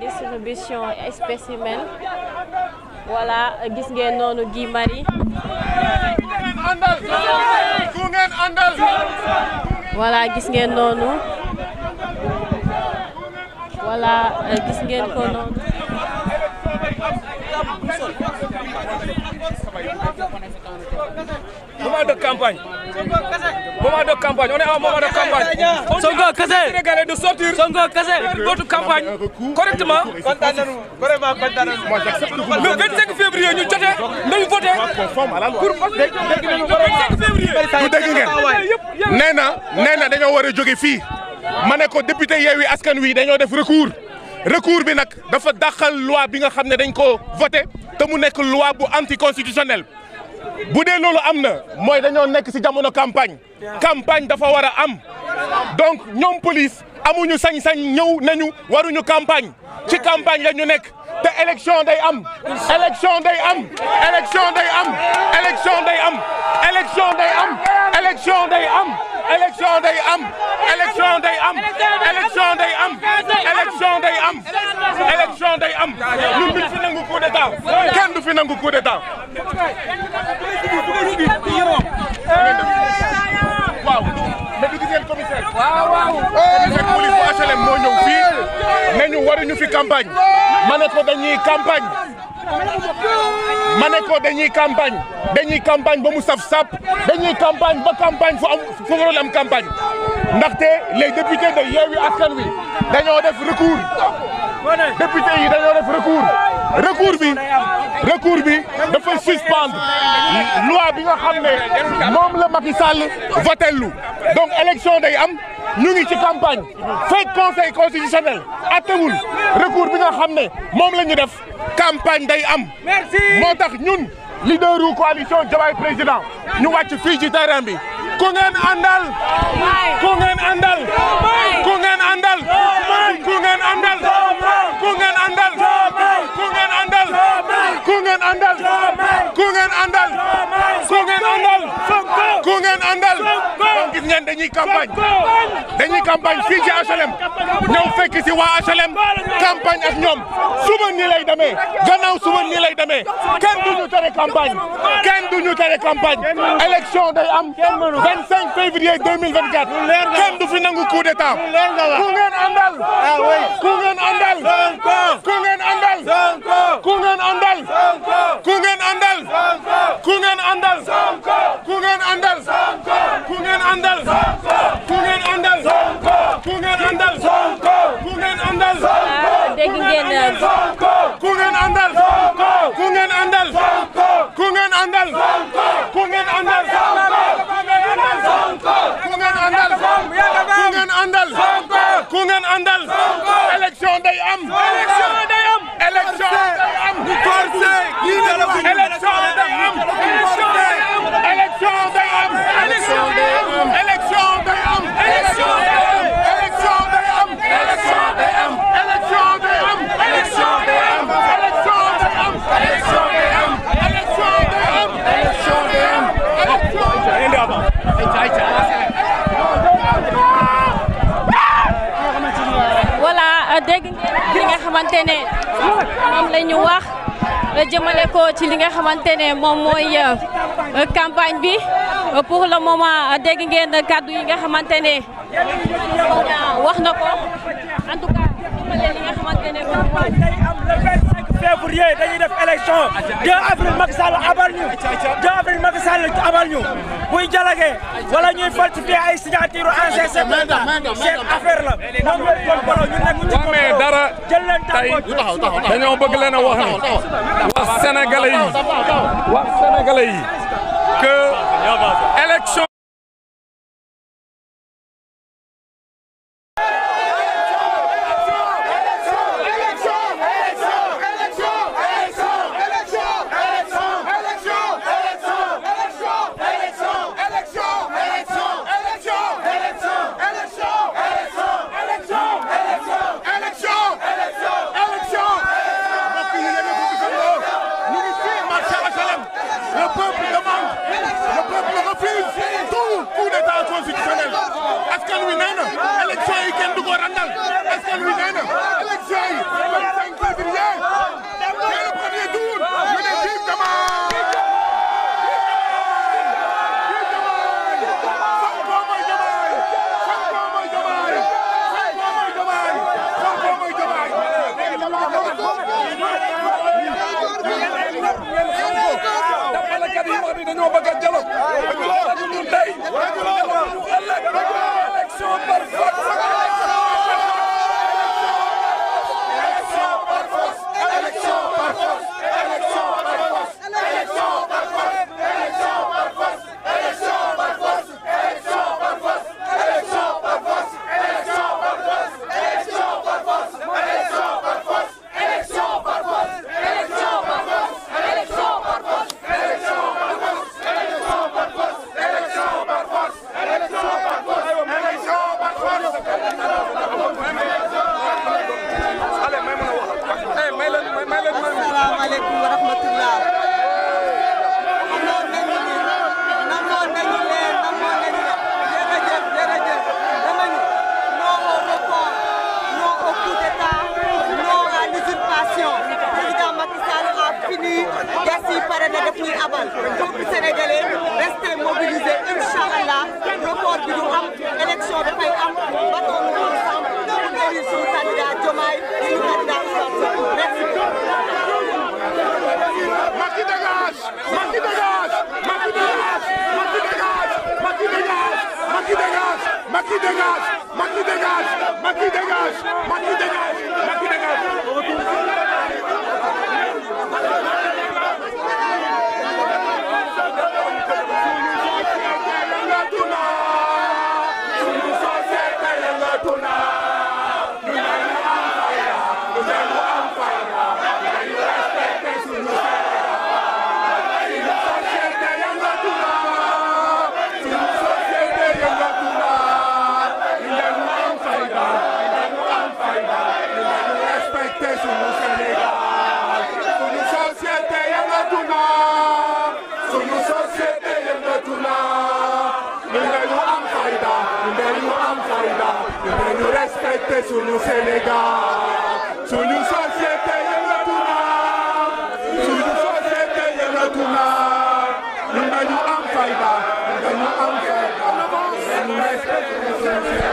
distribution spécimen voilà gis ngeen noonu Guy Marie voilà gis ngeen noonu voilà gis ngeen ko noonu moment de campagne. moment de campagne on est en moment de campagne. Sonko kese Sénégalais de sortir. Sonko kese votre campagne correctement. kontaan nañu ñu jote nañu voté pour dégg ngeen dégg ngeen na nee na dañoo war joge jóge fii ma ne ko député Yewwi Askan Wi dañoo def recours. recours bi nag dafa dàqal loi bi nga xam ne dañ ko voté te mu nekk loi bu anticonstitutionnelle bu dee loolu am na mooy dañoo nekk si jamono campagne campagne dafa war a am donc ñoom police amuñu sañ-sañ ñëw nañu waruñu campagne ci campagne la ñu nekk te élection day am élection day am élection day am élection day am élection day am élection day am élection day am. élection day am. élection day am. élection day am. élection day am. ñun duñ fi nangu coup d'état kenn du fi nangu coup d'état. waaw mais du gis ngeen commissaire. waaw waaw. fekk police bu HLM moo ñëw fii ne ñu waruñu fi campagne. ma ne ko dañuy campagne. ma ne ko dañuy campagne dañuy campagne ba mu saf sap dañuy campagne ba campagne fu am fu warul am campagne ndaxte les députés de Yewwi Askan Wi dañoo def recours député yi dañoo def recours recours bi recours bi dafa suspendre loi bi nga xam ne moom la Macky Sall votellu donc élection day am ñu ngi ci campagne fekk conseil constitutionnel attewul recours bi nga xam ne moom la ñu def campagne day am. merci moo tax ñun. leaderu coalition Diomaye président ñu wàcc fii ci terrain bi. ku ngeen àndal. ku ngeen àndal. campagne dañuy campagne dañuy campagne fii ci HLM ñëw fekk si waa HLM campagne ak ñoom suba nii lay demee gannaaw suba nii lay demee kenn du ñu tere campagne kenn du ñu tere campagne élection day am 25 février 2024 kenn du fi nangu coup d'état ku ku ngeen àndal ku ngeen àndal ku ngeen àndal ngeen àndal. Sonko ku ngeen àndal. Sonko ku ngeen àndal. Sonko ku ngeen àndal. dégg ngeen. Sonko ku ngeen àndal. Sonko ku ngeen àndal. Sonko ku ngeen àndal. Sonko ku ngeen àndal. Sonko ku ngeen àndal. ku ngeen àndal. Sonko ku ngeen àndal. élection day am. élection day am. élection day am. bu forcé. élection day am. xamante ne moom la ñu wax jëmale ko ci li nga xamante ne moom mooy euh, campagne bi la le moment dégg ngeen kàddu yi nga xamante ne wax na ko en tout cas jëmale li nga xamante def élection 2 avril Macky Sall abal Sall abal ñu buy jalagee wala ñuy falsifier ay signature ancien chef d'État seen affaire la la complot ñu nekk ci complot dara jël leen tey dañoo bëgg leen a wax ni wax dañoo bëgg a dialogue. ñuy abal donc sénégalais restez mobilisés inchallah report bi du am élection dafay am batoonu ensemble pour réussir suñu candidat Diomaye suñu candidat Ousmane Sonko merci yu am fayda dinañu respecté suñu Sénégal suñu société yëngatu naa suñu société yëngatu naa dinañu am fayda dinañu am fayda dinañu respecté suñu Sénégal